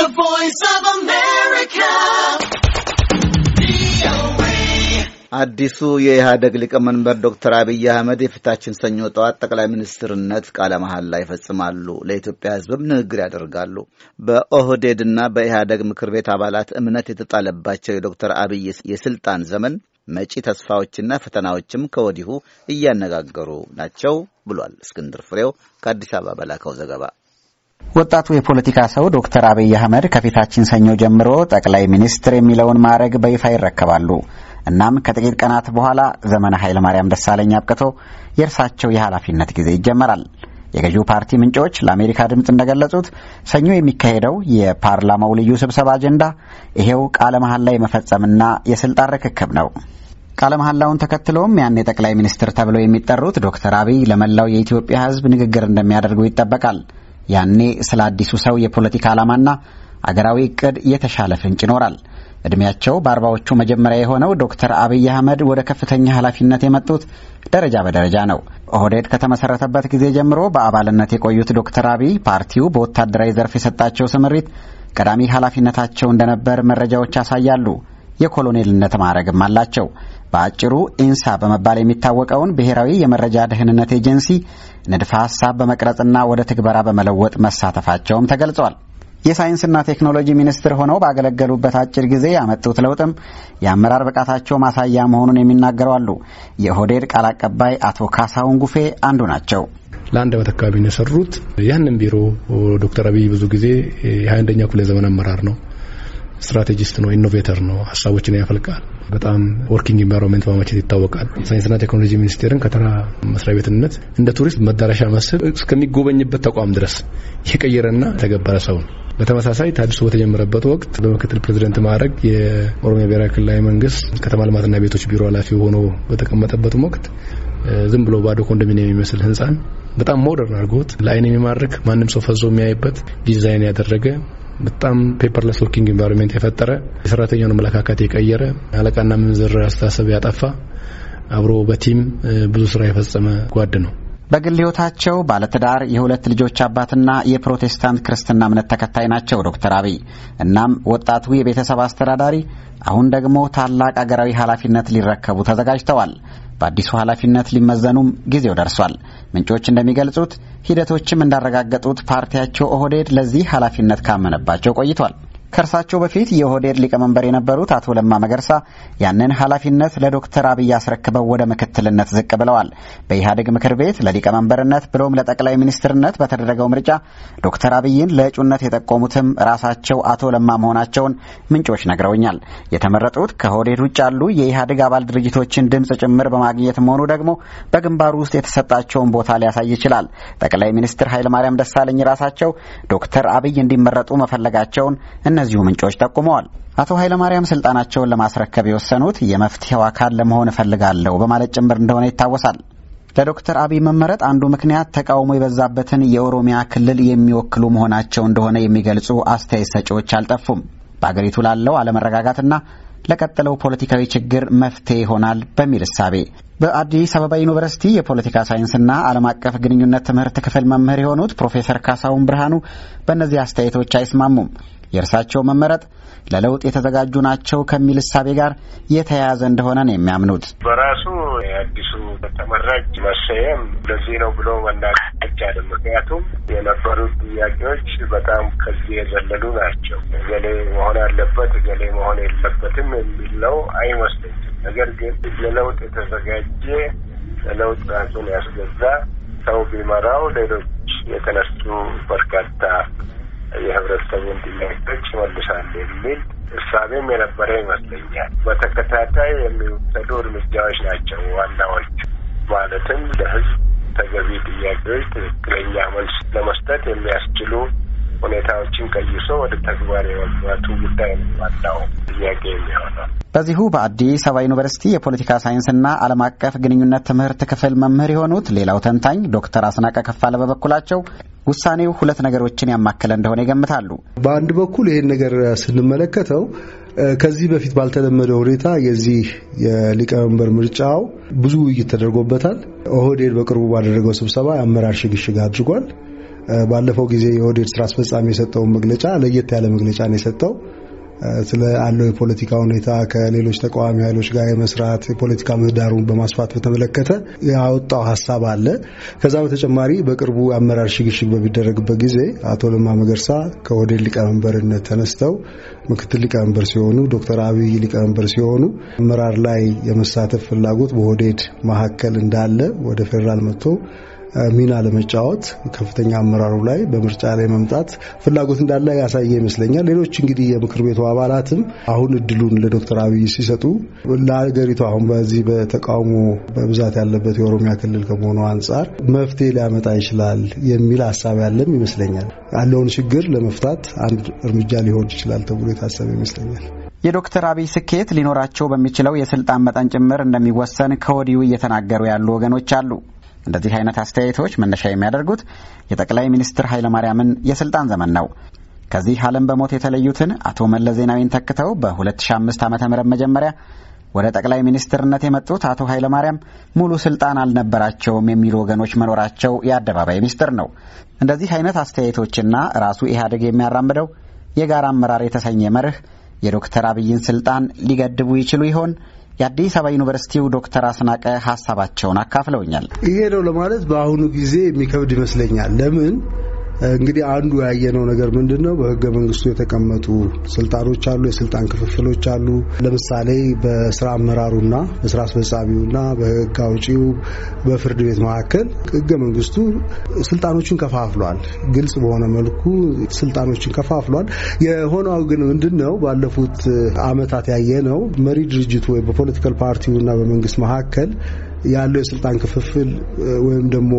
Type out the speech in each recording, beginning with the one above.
The Voice of America. አዲሱ የኢህአደግ ሊቀመንበር ዶክተር አብይ አህመድ የፊታችን ሰኞ ጠዋት ጠቅላይ ሚኒስትርነት ቃለ መሐላ ይፈጽማሉ። ለኢትዮጵያ ሕዝብም ንግግር ያደርጋሉ። በኦህዴድና በኢህአደግ ምክር ቤት አባላት እምነት የተጣለባቸው የዶክተር አብይ የስልጣን ዘመን መጪ ተስፋዎችና ፈተናዎችም ከወዲሁ እያነጋገሩ ናቸው ብሏል። እስክንድር ፍሬው ከአዲስ አበባ በላከው ዘገባ ወጣቱ የፖለቲካ ሰው ዶክተር አብይ አህመድ ከፊታችን ሰኞ ጀምሮ ጠቅላይ ሚኒስትር የሚለውን ማዕረግ በይፋ ይረከባሉ። እናም ከጥቂት ቀናት በኋላ ዘመነ ማርያም ደሳለኝ አብቅቶ የእርሳቸው የኃላፊነት ጊዜ ይጀመራል። የገዢው ፓርቲ ምንጮች ለአሜሪካ ድምፅ እንደገለጹት ሰኞ የሚካሄደው የፓርላማው ልዩ ስብሰባ አጀንዳ ይሄው ቃለ መሐላ መፈጸምና የስልጣን ርክክብ ነው። ቃለ መሐላውን ተከትሎም ያን የጠቅላይ ሚኒስትር ተብለው የሚጠሩት ዶክተር አብይ ለመላው የኢትዮጵያ ሕዝብ ንግግር እንደሚያደርጉ ይጠበቃል። ያኔ ስለ አዲሱ ሰው የፖለቲካ ዓላማና አገራዊ እቅድ የተሻለ ፍንጭ ይኖራል። እድሜያቸው በአርባዎቹ መጀመሪያ የሆነው ዶክተር አብይ አህመድ ወደ ከፍተኛ ኃላፊነት የመጡት ደረጃ በደረጃ ነው። ኦህዴድ ከተመሰረተበት ጊዜ ጀምሮ በአባልነት የቆዩት ዶክተር አብይ ፓርቲው በወታደራዊ ዘርፍ የሰጣቸው ስምሪት ቀዳሚ ኃላፊነታቸው እንደነበር መረጃዎች ያሳያሉ። የኮሎኔልነት ማዕረግም አላቸው። በአጭሩ ኢንሳ በመባል የሚታወቀውን ብሔራዊ የመረጃ ደህንነት ኤጀንሲ ንድፈ ሐሳብ በመቅረጽና ወደ ትግበራ በመለወጥ መሳተፋቸውም ተገልጿል። የሳይንስና ቴክኖሎጂ ሚኒስትር ሆነው ባገለገሉበት አጭር ጊዜ ያመጡት ለውጥም የአመራር ብቃታቸው ማሳያ መሆኑን የሚናገሩ አሉ። የኦህዴድ ቃል አቀባይ አቶ ካሳሁን ጉፌ አንዱ ናቸው። ለአንድ ዓመት አካባቢ ነው የሰሩት። ያንን ቢሮ ዶክተር አብይ ብዙ ጊዜ የሀያ አንደኛ ክፍለ ዘመን አመራር ነው፣ ስትራቴጂስት ነው፣ ኢኖቬተር ነው፣ ሀሳቦችን ያፈልቃል በጣም ወርኪንግ ኢንቫይሮንመንት በማመቸት ይታወቃል። ሳይንስና ቴክኖሎጂ ሚኒስቴርን ከተራ መስሪያ ቤትነት እንደ ቱሪስት መዳረሻ መስህብ እስከሚጎበኝበት ተቋም ድረስ የቀየረና የተገበረ ሰው ነው። በተመሳሳይ ታድሶ በተጀመረበት ወቅት በምክትል ፕሬዚደንት ማዕረግ የኦሮሚያ ብሔራዊ ክልላዊ መንግስት ከተማ ልማትና ቤቶች ቢሮ ኃላፊ ሆኖ በተቀመጠበትም ወቅት ዝም ብሎ ባዶ ኮንዶሚኒየም የሚመስል ህንፃን በጣም ሞደርን አድርጎት ለአይን የሚማርክ ማንም ሰው ፈዞ የሚያይበት ዲዛይን ያደረገ በጣም ፔፐርለስ ወርኪንግ ኢንቫይሮንመንት የፈጠረ የሰራተኛውን አመለካከት የቀየረ አለቃና ምንዝር አስተሳሰብ ያጠፋ አብሮ በቲም ብዙ ስራ የፈጸመ ጓድ ነው። በግል ህይወታቸው ባለትዳር የሁለት ልጆች አባትና የፕሮቴስታንት ክርስትና እምነት ተከታይ ናቸው ዶክተር አብይ። እናም ወጣቱ የቤተሰብ አስተዳዳሪ አሁን ደግሞ ታላቅ አገራዊ ኃላፊነት ሊረከቡ ተዘጋጅተዋል። በአዲሱ ኃላፊነት ሊመዘኑም ጊዜው ደርሷል። ምንጮች እንደሚገልጹት ሂደቶችም እንዳረጋገጡት ፓርቲያቸው ኦህዴድ ለዚህ ኃላፊነት ካመነባቸው ቆይቷል። ከእርሳቸው በፊት የኦህዴድ ሊቀመንበር የነበሩት አቶ ለማ መገርሳ ያንን ኃላፊነት ለዶክተር አብይ አስረክበው ወደ ምክትልነት ዝቅ ብለዋል። በኢህአዴግ ምክር ቤት ለሊቀመንበርነት ብሎም ለጠቅላይ ሚኒስትርነት በተደረገው ምርጫ ዶክተር አብይን ለእጩነት የጠቆሙትም ራሳቸው አቶ ለማ መሆናቸውን ምንጮች ነግረውኛል። የተመረጡት ከኦህዴድ ውጭ ያሉ የኢህአዴግ አባል ድርጅቶችን ድምፅ ጭምር በማግኘት መሆኑ ደግሞ በግንባሩ ውስጥ የተሰጣቸውን ቦታ ሊያሳይ ይችላል። ጠቅላይ ሚኒስትር ኃይለማርያም ደሳለኝ ራሳቸው ዶክተር አብይ እንዲመረጡ መፈለጋቸውን እነዚሁ ምንጮች ጠቁመዋል። አቶ ኃይለማርያም ስልጣናቸውን ለማስረከብ የወሰኑት የመፍትሄው አካል ለመሆን እፈልጋለሁ በማለት ጭምር እንደሆነ ይታወሳል። ለዶክተር አብይ መመረጥ አንዱ ምክንያት ተቃውሞ የበዛበትን የኦሮሚያ ክልል የሚወክሉ መሆናቸው እንደሆነ የሚገልጹ አስተያየት ሰጪዎች አልጠፉም። በአገሪቱ ላለው አለመረጋጋትና ለቀጠለው ፖለቲካዊ ችግር መፍትሄ ይሆናል በሚል እሳቤ በአዲስ አበባ ዩኒቨርሲቲ የፖለቲካ ሳይንስና ዓለም አቀፍ ግንኙነት ትምህርት ክፍል መምህር የሆኑት ፕሮፌሰር ካሳሁን ብርሃኑ በእነዚህ አስተያየቶች አይስማሙም። የእርሳቸው መመረጥ ለለውጥ የተዘጋጁ ናቸው ከሚል እሳቤ ጋር የተያያዘ እንደሆነ ነው የሚያምኑት። በራሱ የአዲሱ ተመራጭ መሰየም ለዚህ ነው ብሎ መናገር አይቻልም። ምክንያቱም የነበሩ ጥያቄዎች በጣም ከዚህ የዘለሉ ናቸው። እገሌ መሆን አለበት እገሌ መሆን የለበትም የሚል ነው አይመስለኝም። ነገር ግን ለለውጥ የተዘጋጀ ለለውጥ ራሱን ያስገዛ ሰው ቢመራው ሌሎች የተነሱ በርካታ የህብረተሰቡን ጥያቄዎች ይመልሳል የሚል እሳቤም የነበረ ይመስለኛል። በተከታታይ የሚወሰዱ እርምጃዎች ናቸው ዋናዎቹ። ማለትም ለህዝብ ተገቢ ጥያቄዎች ትክክለኛ መልስ ለመስጠት የሚያስችሉ ሁኔታዎችን ቀይሶ ወደ ተግባር የመግባቱ ጉዳይ ነው ዋናው ጥያቄ የሚሆነው። በዚሁ በአዲስ አበባ ዩኒቨርሲቲ የፖለቲካ ሳይንስና ዓለም አቀፍ ግንኙነት ትምህርት ክፍል መምህር የሆኑት ሌላው ተንታኝ ዶክተር አስናቀ ከፋለ በበኩላቸው ውሳኔው ሁለት ነገሮችን ያማከለ እንደሆነ ይገምታሉ። በአንድ በኩል ይህን ነገር ስንመለከተው ከዚህ በፊት ባልተለመደ ሁኔታ የዚህ የሊቀመንበር ምርጫው ብዙ ውይይት ተደርጎበታል። ኦህዴድ በቅርቡ ባደረገው ስብሰባ የአመራር ሽግሽግ አድርጓል። ባለፈው ጊዜ የኦህዴድ ስራ አስፈጻሚ የሰጠውን መግለጫ ለየት ያለ መግለጫ ነው የሰጠው። ስለ አለው የፖለቲካ ሁኔታ ከሌሎች ተቃዋሚ ኃይሎች ጋር የመስራት የፖለቲካ ምህዳሩን በማስፋት በተመለከተ ያወጣው ሀሳብ አለ። ከዛ በተጨማሪ በቅርቡ አመራር ሽግሽግ በሚደረግበት ጊዜ አቶ ለማ መገርሳ ከኦህዴድ ሊቀመንበርነት ተነስተው ምክትል ሊቀመንበር ሲሆኑ፣ ዶክተር አብይ ሊቀመንበር ሲሆኑ አመራር ላይ የመሳተፍ ፍላጎት በኦህዴድ መካከል እንዳለ ወደ ፌዴራል መጥቶ ሚና ለመጫወት ከፍተኛ አመራሩ ላይ በምርጫ ላይ መምጣት ፍላጎት እንዳለ ያሳየ ይመስለኛል። ሌሎች እንግዲህ የምክር ቤቱ አባላትም አሁን እድሉን ለዶክተር አብይ ሲሰጡ ለሀገሪቱ አሁን በዚህ በተቃውሞ በብዛት ያለበት የኦሮሚያ ክልል ከመሆኑ አንጻር መፍትሄ ሊያመጣ ይችላል የሚል ሀሳብ ያለም ይመስለኛል። ያለውን ችግር ለመፍታት አንድ እርምጃ ሊሆን ይችላል ተብሎ የታሰበ ይመስለኛል። የዶክተር አብይ ስኬት ሊኖራቸው በሚችለው የስልጣን መጠን ጭምር እንደሚወሰን ከወዲሁ እየተናገሩ ያሉ ወገኖች አሉ። እንደዚህ አይነት አስተያየቶች መነሻ የሚያደርጉት የጠቅላይ ሚኒስትር ኃይለማርያምን የስልጣን ዘመን ነው። ከዚህ ዓለም በሞት የተለዩትን አቶ መለስ ዜናዊን ተክተው በ2005 ዓ ም መጀመሪያ ወደ ጠቅላይ ሚኒስትርነት የመጡት አቶ ኃይለማርያም ሙሉ ስልጣን አልነበራቸውም የሚሉ ወገኖች መኖራቸው የአደባባይ ሚስጥር ነው። እንደዚህ አይነት አስተያየቶችና ራሱ ኢህአዴግ የሚያራምደው የጋራ አመራር የተሰኘ መርህ የዶክተር አብይን ስልጣን ሊገድቡ ይችሉ ይሆን? የአዲስ አበባ ዩኒቨርሲቲው ዶክተር አስናቀ ሀሳባቸውን አካፍለውኛል። ይሄ ነው ለማለት በአሁኑ ጊዜ የሚከብድ ይመስለኛል። ለምን እንግዲህ አንዱ ያየነው ነገር ምንድን ነው? በህገ መንግስቱ የተቀመጡ ስልጣኖች አሉ፣ የስልጣን ክፍፍሎች አሉ። ለምሳሌ በስራ አመራሩና በስራ አስፈጻሚውና በህግ አውጪው በፍርድ ቤት መካከል ህገ መንግስቱ ስልጣኖችን ከፋፍሏል። ግልጽ በሆነ መልኩ ስልጣኖችን ከፋፍሏል። የሆነው ግን ምንድን ነው? ባለፉት አመታት ያየነው መሪ ድርጅቱ ወይ በፖለቲካል ፓርቲውና በመንግስት መካከል ያለው የስልጣን ክፍፍል ወይም ደግሞ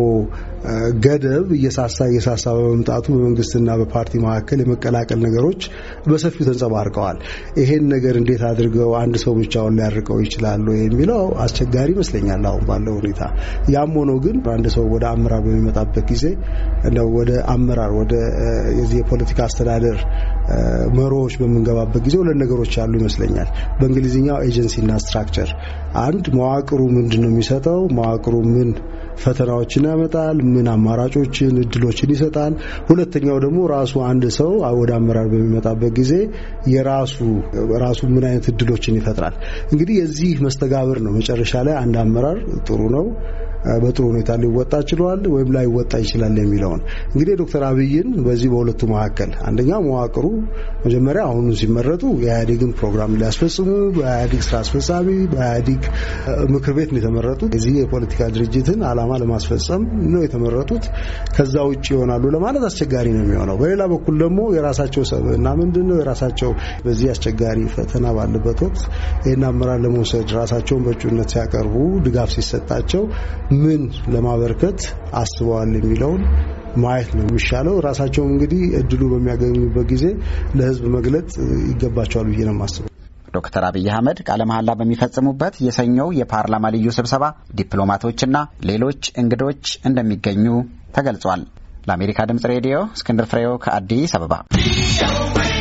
ገደብ እየሳሳ እየሳሳ በመምጣቱ በመንግስትና በፓርቲ መካከል የመቀላቀል ነገሮች በሰፊው ተንጸባርቀዋል። ይሄን ነገር እንዴት አድርገው አንድ ሰው ብቻውን ሊያርቀው ይችላሉ የሚለው አስቸጋሪ ይመስለኛል አሁን ባለው ሁኔታ። ያም ሆኖ ግን አንድ ሰው ወደ አመራር በሚመጣበት ጊዜ ወደ አመራር ወደ የዚህ የፖለቲካ አስተዳደር መሮዎች በምንገባበት ጊዜ ሁለት ነገሮች ያሉ ይመስለኛል። በእንግሊዝኛው ኤጀንሲና ስትራክቸር አንድ መዋቅሩ ምንድን ነው የሚሰጠው መዋቅሩ ምን ፈተናዎችን ያመጣል፣ ምን አማራጮችን እድሎችን ይሰጣል። ሁለተኛው ደግሞ ራሱ አንድ ሰው ወደ አመራር በሚመጣበት ጊዜ የራሱ ራሱ ምን አይነት እድሎችን ይፈጥራል። እንግዲህ የዚህ መስተጋብር ነው መጨረሻ ላይ አንድ አመራር ጥሩ ነው በጥሩ ሁኔታ ሊወጣ ችሏል ወይም ላይወጣ ይችላል የሚለውን እንግዲህ ዶክተር አብይን በዚህ በሁለቱ መካከል አንደኛ መዋቅሩ መጀመሪያ አሁኑ ሲመረጡ የኢህአዴግን ፕሮግራም ሊያስፈጽሙ በኢህአዴግ ስራ አስፈጻሚ በኢህአዴግ ምክር ቤት ነው የተመረጡት። የዚህ የፖለቲካ ድርጅትን አላማ ለማስፈጸም ነው የተመረጡት። ከዛ ውጭ ይሆናሉ ለማለት አስቸጋሪ ነው የሚሆነው። በሌላ በኩል ደግሞ የራሳቸው ሰብዕና ምንድን ነው የራሳቸው በዚህ አስቸጋሪ ፈተና ባለበት ወቅት ይህን አመራር ለመውሰድ ራሳቸውን በእጩነት ሲያቀርቡ ድጋፍ ሲሰጣቸው ምን ለማበርከት አስበዋል የሚለውን ማየት ነው የሚሻለው። ራሳቸውም እንግዲህ እድሉ በሚያገኙበት ጊዜ ለህዝብ መግለጽ ይገባቸዋል ብዬ ነው የማስበው። ዶክተር አብይ አህመድ ቃለ መሐላ በሚፈጽሙበት የሰኞው የፓርላማ ልዩ ስብሰባ ዲፕሎማቶችና ሌሎች እንግዶች እንደሚገኙ ተገልጿል። ለአሜሪካ ድምጽ ሬዲዮ እስክንድር ፍሬው ከአዲስ አበባ